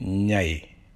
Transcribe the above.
ñay